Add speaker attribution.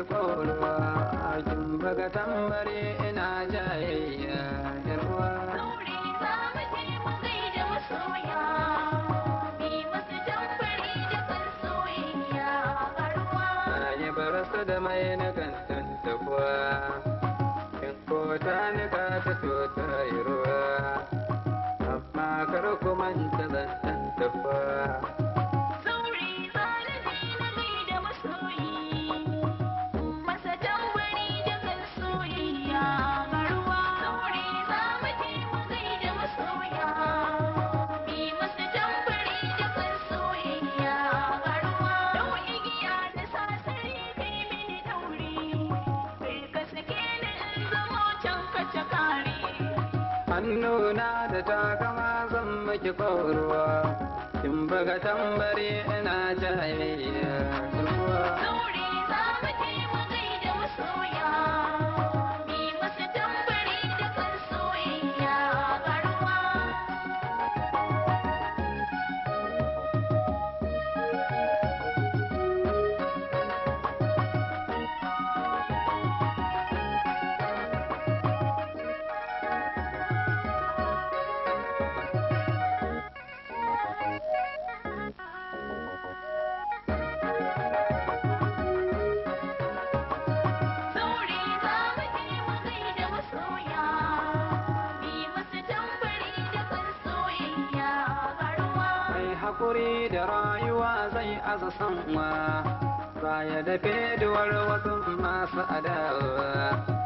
Speaker 1: ki ƙorwa a kin baga tambari ina jayayya yarwa. mu barasa da mai na gantan ta kuwa in ko ta nika ta so ta ruwa amma kar ku manta zan ta kuwa hannuna da takama zan maki kwaruwa in baka tambari ina jahiliya. Sauri za mu je mu gaida musu hakuri da rayuwa zai aza sanwa baya da feduwar wasu masu adawa